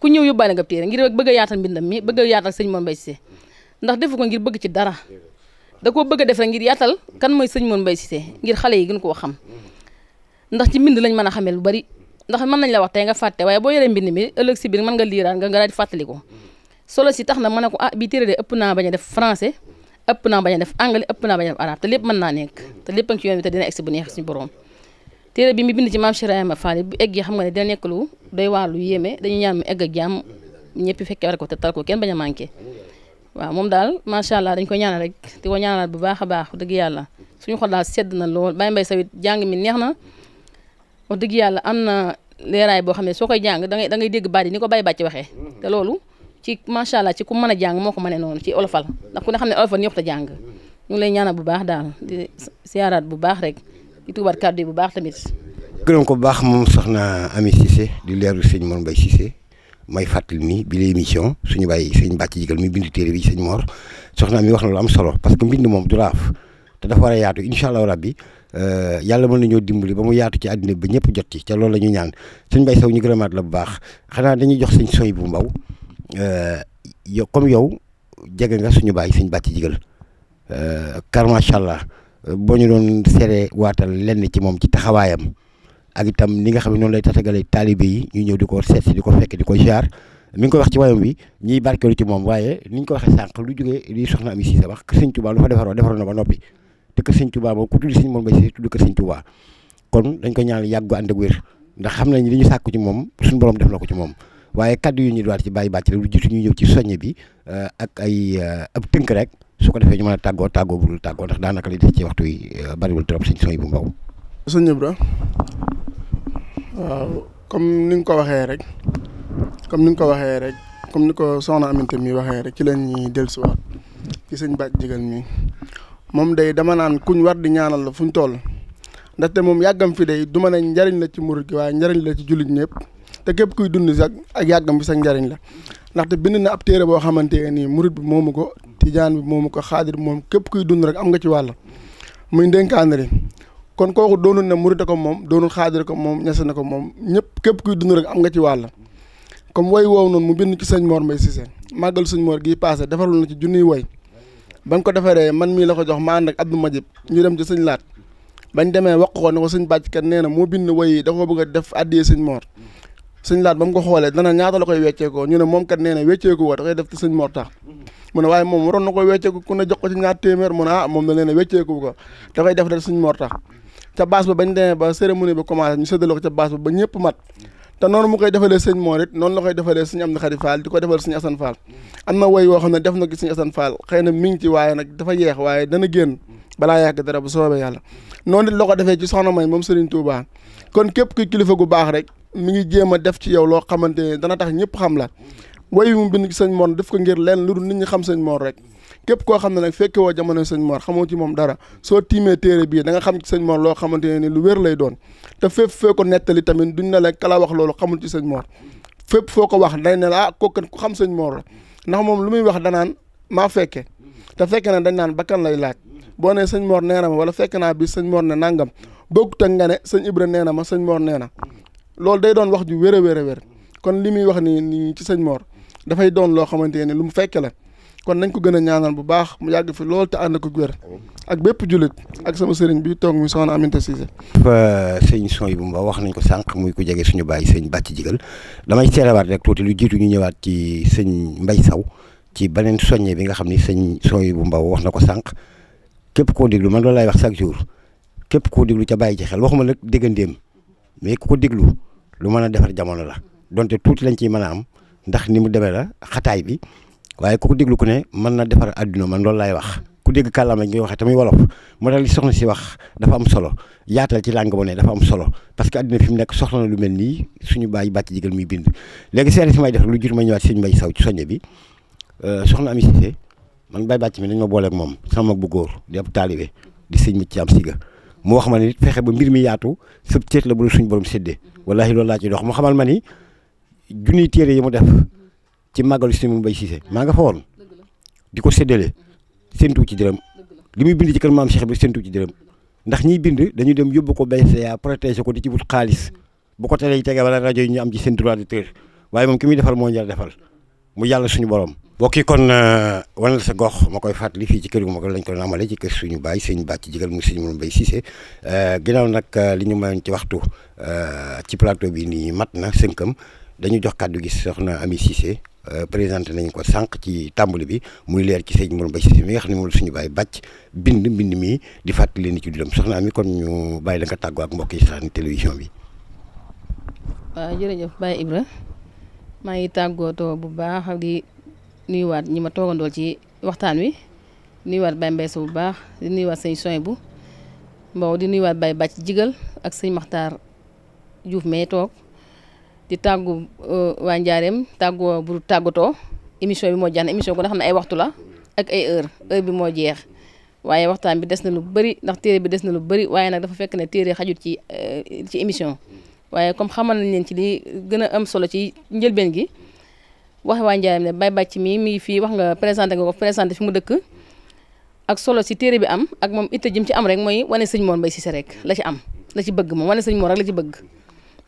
B: ku ñëw yóbbaale nga téere ngir bëgg a yaatal mbindam mi bëgg a yaatal sëñ Mor Mbaye defu ko ngir bëgg ci dara da koo bëgg a def ngir yaatal kan mooy sëñ Mor Mbaye Cissé ngir xale yi gën koo xam mm. ndax ci mbind lañ mën a xamee lu bari ndax mën nañ la wax tey nga fàtte waaye boo yoree mbind mi ëllëg si biir mën nga liiraan nga nga daal di mm. solo si tax na mën ne ko ah bii téere de ëpp naa bañ a def français ëpp naa bañ a def anglais ëpp naa bañ a def arabe te lépp mën naa nekk te lépp a ngi yoon bi te dina egsi bu neex suñu borom téere bi mu bind ci maam Cheikh Ibrahima bu egg yi xam nga nekk lu doy waar lu yéeme dañu ñaan mu egg ak jàmm ñëpp fekkee war ko te tal ko kenn bañ a manqué waaw moom daal macha allah dañ ko ñaanal rek di ko ñaanal bu baax a baax dëgg yàlla suñu xol daal sedd na lool bàyyi mbay sawit jàng mi neex na wax dëgg yàlla am na leeraay boo xam ne soo koy jàng da ngay da ngay dégg baat yi ni ko bàyyi bàcc waxee te loolu ci macha allah ci ku mën a jàng moo ko mënee noonu ci olofal ndax ku ne xam ne olofal ñëpp ta jàng ñu lay ñaanal bu baax daal di siyaaraat bu baax rek di tuubaat kàddu yi bu baax tamit.
A: gërëm ko bu baax moom soxna Ami Cissé di leeru sëñ Mor Mbaye Cissé may fàttali ni bi émission suñu bàyyi sëñ Bàcc Jigal mi bind téere bi sëñ moor soxna mi wax na lu am solo parce que mbind moom du laaf te dafa war a yaatu incha allah rabbi euh, yàlla mën nañoo dimbali ba mu yaatu ci àddina ba ñëpp jot ci ca loolu la ñu ñaan sëñ Mbaye Sow ñu gërëmaat la bu baax xanaa dañuy jox sëñ Soy bu mbaw Euh, yow comme yow jege nga suñu baay suñu ci jigal euh, kar macha allah boo ñu doon seere waatal lenn ci moom ci taxawaayam ak itam ni nga xam ne noonu lay tatagale taalibe yi ñu ñëw di ko seet si di ko fekk di ko jaar mi ngi ko wax ci wayam bi ñiy barkeelu ci moom waaye ni ñu ko waxee sànq lu jógee li soxna Ami Cissé wax kër Sëñ Tuubaa lu fa defaroo defaroo na ba noppi te kër Sëñ Tuubaa moom ku tudd Sëñ Mor Mbaye Cissé tudd kër Sëñ kon dañ ko ñaan yàggu ànd ak wér ndax xam nañ li ñu sàkku ci moom suñu borom def na ko ci moom waaye kaddu yu ñu doon ci bàyyi bàcc rek lu jiitu ñu ñëw ci soññe bi euh, ak ay euh, ab tënk rek su ko defee ñu mën a tàggoo tàggoo bu dul tàggoo ndax daanaka li des ci waxtu yi euh, bariwul trop si soñ bu mbaw
D: sëñ Ibra waaw comme ni nga ko waxee rek comme ni nga ko waxee rek comme ni ko soxna Aminta mi waxee rek ci la ñuy dellusiwaat ci sëñ bàcc jigal mi moom day dama naan kuñ war di ñaanal la fu fuñ toll ndaxte moom yàggam fi day du ma ne njariñ la ci murid gi waaye njariñ la ci jullit ñëpp te képp kuy dund sax ak yàggam bi sax njariñ la ndaxte bind na ab téere boo xamante nii murit bi moomu ko tijaan bi moomu ko xaadir moom képp kuy dund rek am nga ci wàll muy ndénkaane li kon kooku doonul ne murit ko moom doonul xaadir ko moom ñese na ko moom ñëpp képp kuy dund rek am nga ci wàll comme woy woow noonu mu bind ci sëñ Mor si seen màggal sëñ Mor gii passé defarul na ci junniy woy bañ ko defaree man mii la ko jox ma ànd ak Abdou Majib ñu dem ci sëñ laat bañ demee wax ko ne ko sëñ bàcc nee na moo bind woy da koo bëgg a def addiyee sëñ Mor sëñ laat ba mu ko xoolee dana ñaata la koy wecceekoo ñu ne moom kat nee na wecceeku woo da koy def ci sëñ Mor tax mm-hmm. mu ne waaye moom waroon na koy wecceeku ku ah ko da koy def def sëñ Mor tax ca baas ba bañ demee ba cérémonie ba commencé ñu séddale ko ca baas ba ba ñëpp mat te noonu mu koy defalee sëñ Mor noonu la koy defalee sëñ Amdi Xadi Fall di ko defal sëñ Asan Fall mm-hmm. am na woy woo xam ne def na ko Asan Fall xëy na mi ngi ci waaye nag dafa yeex balaa yàgg dara bu soobee yàlla noonu it la ko defee ci soxna may moom Serigne Touba kon képp ku kilifa gu baax rek mi ngi jéem a def ci yow loo xamante ne dana tax ñëpp xam la woy mu bind ci sëñ Mor def ko ngir leen lu dul nit ñi xam sëñ Mor rek képp koo xam ne nag fekke woo jamono sëñ Mor xamoo ci moom dara soo tiimee téere bii da xam ci sëñ Mor loo xamante ne lu wér lay doon te fépp fee nettali tamit duñ ne la kala wax loolu xamul ci sëñ Mor fépp foo ko wax day ne la ah kooku ku xam sëñ Mor la ndax moom lu muy wax danaan maa fekke te fekke na dañ naan bakkan lay laaj boo nee sëñ moor nee ma wala fekk naa bi sëñ Mor ne nangam bokkut ak nga ne sëñ Ibra nee na ma sëñ Mor nee na loolu day doon wax ju wér a wér a wér kon li muy wax ni nii ci sëñ Mor dafay doon loo xamante ne lu mu fekke la kon nañ ko gën a ñaanal bu baax mu yàgg fi loolu te ànd ko wér ak bépp jullit ak sama sëriñ bi toog mi soxna Aminta Cissé
A: sëñ son yi wax nañ ko sànq muy ko jege suñu bàyyi sëñ bàcc jigal damay seerawaat rek tuuti lu jiitu ñu ñëwaat ci sëñ mbay saw ci beneen soññe bi nga xam ni sëñ son yi bu mbaw wax na ko sànq képp koo déglu man loolu laay wax chaque jour képp koo déglu ca bàyyi ci xel waxuma nag déggandeem mais ku ko déglu lu mën a defar jamono la donte tuuti lañ ciy mën a am ndax ni mu demee la xataay bi waaye ku déglu ko ne mën na defar adduna man loolu laay wax. ku dégg kàllaama gi nga waxee tamit wolof moo tax soxna si wax dafa am solo yaatal ci làng bo ne dafa am solo parce que adduna fi mu nekk soxla na lu mel nii suñu bàyyi bàcc jigal muy bind léegi service may def lu jur ma ñëwaat suñu mbay saw ci soññe bi euh, soxna Ami Cissé man Baye Bàcc mi dañ ma booleeg moom sama mag bu góor di ab taalibe di sëñ bi ci am siga mu wax ma ne fexe ba mbir mi yaatu sëb céet la bu suñ borom séddee wallaahi loolu laa ciy dox mu xamal ma ni junniy téere yi mu def ci màggalu si mu bay Cissé maa ngi fa woon di ko séddale séntu ci dërëm li muy bind ci kër maam Cheikh bi séntu ci dërëm ndax ñiy bind dañu dem yóbbu ko bey BCA protéger ko di ci wut xaalis bu ko télé yi tege wala rajo yi ñu am ci seen droit d'auteur waaye moom ki muy defal moo ñu defal. mu yàlla suñu borom. mbokk yi kon euh, wanal sa gox ma koy fàttali fii ci kër gu ma ko lañ ko amalee ci kër suñu baay sëñ bàcc jigal mu sëñ Mbaye Cissé euh, ginnaaw nag euh, li ñu mayoon ci waxtu ci plateau bi nii mat na sënkam dañu jox kàddu gi soxna Ami Cissé présenté nañu ko sànq ci tàmbali bi muy leer ci sëñ Mbaye Cissé mi nga xam ne moom suñu baay bàcc bind bind mi di fàttali ni ci dundam soxna Ami kon ñu bàyyi la nga ak mbokk yi sax télévision bi.
B: may taggo to bu baax di nuyuwaat ñi ma toogandool ci waxtaan wi nuyuwaat Baye Mbaye Sow bu baax di nuyuwaat sëñ soin bu mbow di nuyuwaat bay Bàcc Jigal ak sëñ Maxtaar Juuf me toog di tàggu waa Njaareem tàggoo bu tàggatoo émission bi moo jaan émission ko nga xam ne ay waxtu la ak ay heure heure bi moo jeex waaye waxtaan bi des na lu bëri ndax téere bi des na lu bëri waaye nag dafa fekk ne téere xajut ci ci émission waaye comme xamal nañ leen ci li gën a am solo ci njëlbeen gi wax waa Ndiarème ne Baye Bàcc mii mi fii wax nga présenté nga ko présenté fi mu dëkk ak solo si téere bi am ak moom itte jëm ci am rek mooy wane sëñ Mor Mbaye la ci bëgg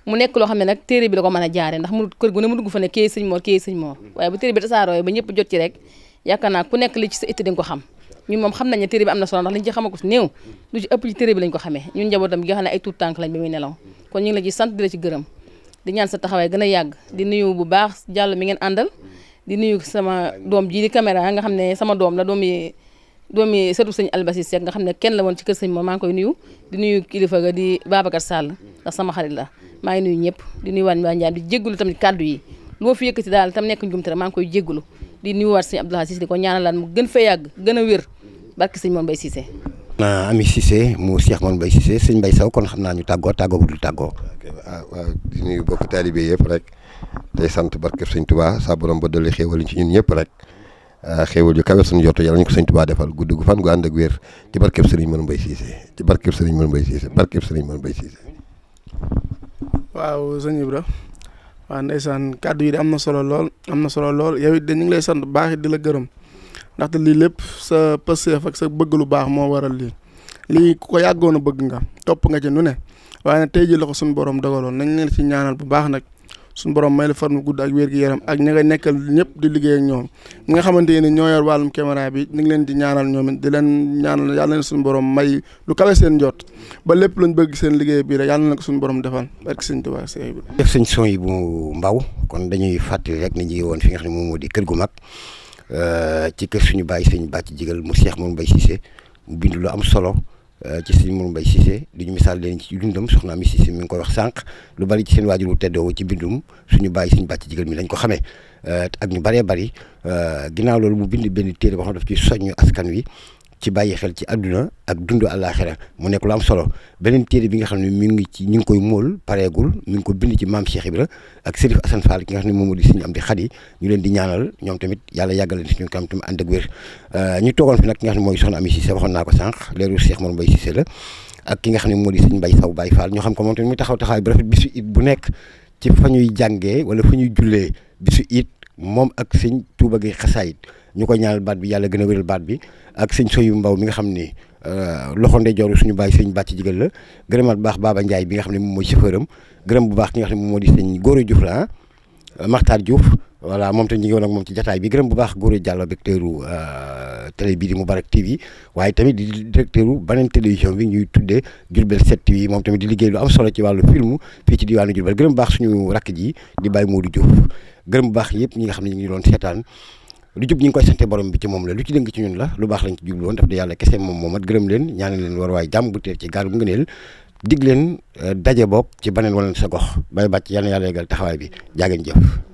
B: mu nekk loo xam ne nag téere bi la ko mën a jaare ndax mu kër gu ne mu dugg fa ne kii sëñ Mor kii sëñ Mor waaye bu téere bi tasaaroo ba ñëpp jot ci rek yaakaar naa ku nekk li ci itte di ko xam ñun moom xam nañ ne téere bi am xamee ñun njabootam gi nga xam ne ay kon ñu ngi la ci sant di ci gërëm di ñaan sa taxawaay gën yàgg di nuyu bu baax jàll mi ngeen àndal di nuyu sama doom ji di caméra nga xam ne sama doom la doom yi doom yi sëtu sëñ Albasi Seck nga xam ne kenn la woon ci kër sëñ moom maa ngi koy nuyu di nuyu kilifa ga di Babacar Sall sama xarit la maa ngi nuyu ñëpp di nuyu waan waa Njaam di tamit kàddu yi lu ma fi yëkkati daal tam nekk njumte rek maa ngi koy jéggulu di nuyuwaat sëñ Abdoulaye Cissé di ko ñaanalaat mu gën fa yàgg gën a wér barke sëñ moom Mbay Cissé
A: naa Ami Cissé mu Cheikh Mame Mbaye Cissé sëñ Mbaye Sow kon xam naa ñu tàggoo tàggoo bu dul tàggoo. waaw waaw bokk
C: taalibe yëpp rek tey sant barkeb sëñ Touba sa borom ba dolli xéewal ci ñun ñëpp rek ah, xéewal ju kawe suñu jotu yàlla ñu ko sëñ Touba defal gudd gu fan gu ànd ak wér ci barkeb sëriñ Mame Mbaye Cissé ci barkeb sëriñ Mame Mbaye Cissé barkeb sëriñ Mame Mbaye Cissé.
D: waaw sëñ Ibra waaw yi de am na solo lool am na solo lool yow it de ñu ngi lay sant baax di la gërëm ndaxte lii lépp sa pëseef ak sa bëgg lu baax moo waral lii lii ku ko yàggoon a bëgg nga topp nga ci nu ne waaye nag tey jii la ko suñu borom dogaloon nañ leen ci ñaanal bu baax nag suñu borom may la fan gudd ak wér gi yaram ak ñi nga ñëpp di liggéey ñoom ñi nga xamante ne ñoo yor wàllum caméra bi ñu ngi leen di ñaanal ñoom di leen ñaanal yàlla na suñu borom may lu kawe seen jot ba lépp lañ bëgg seen liggéey bii rek yàlla na ko suñu borom defal barke sëñ Tuubaa
A: yi bu mbaw kon dañuy fàttali rek ni ñu ngi woon fi nga xam ne moom moo di kër gu mag Euh, ci kër suñu baay suñu sëñ bàcc jigal mu Cheikh Mor ci Cissé mu bindu lu am solo euh, ci sëñ Mor Mbaye Cissé di ñu misaal leen ci dundam soxna mi Cissé mi ngi koy wax sànq lu bari ci seen waajur wu teddoo ci bindum suñu bàyyi sëñ bàcc jigal mi lañ ko xamee euh, ak ñu bëree bëri ginnaaw loolu mu bind benn téere boo xam daf ci soññ askan wi ci bàyyi xel ci àdduna ak dundu àllaaxira mu nekk lu am solo beneen téere bi nga xam ne mi ngi ci ñu ngi koy móol pareegul mu ngi ko bind ci maam Cheikh Ibra ak Serif Assane Fall ki nga xam ne moom moo di suñu am di xat yi ñu leen di ñaanal ñoom tamit yàlla yàggal leen suñu kam tamit ànd ak wér euh, ñu toogoon mooy soxna Ami Cissé waxoon naa ko sànq leeru Cheikh Mor Mbaye Cissé la ak ki nga xam ne moo di sëñ Mbaye Saw bay Fall ñu xam ko moom tamit mu taxaw taxawaay bu rafet bisu it bu nekk ci fa ñuy jàngee wala fa ñuy jullee bisu it moom ak sëñ Tuuba gi xasaayit ñu ko ñaanal baat bi yàlla gën a wéral baat bi ak sëñ soyu mbaw mi nga xam ni euh, loxo ndeyjooru suñu bàyyi baat ci jigal la gërëmaat bu baax Baba njaay bi nga xam ne moom mooy chauffeuram gërëm bu baax ki nga xam ne moom moo di sëñ Gora Diouf la ah Makhtar Diouf voilà moom tam ñu ngi woon moom ci jataay bi gërëm bu baax Gora Diallo directeuru euh, télé bii di Moubarak TV waaye tamit di directeuru beneen télévision bi ñuy tuddee Diourbel 7 TV moom tamit di liggéey lu am solo ci wàllu film fii ci diwaanu Diourbel gërëm bu baax suñu rakk ji di moo Modou Diouf gërëm bu baax yëpp ñi nga xam ne ñu ngi doon seetaan lu jub ñu ngi koy sante borom bi ci moom la lu ci dëng ci ñun la lu baax lañ ci jublu woon daf di yàlla kese moom moomat gërëm leen ñaanal leen war waaye jàmm bu teer ci gaal bu ngëneel dig leen euh, daje boog ci baneen wala sa gox bay bàcc yàlla yàlla yegal taxawaay bi jaageen jëf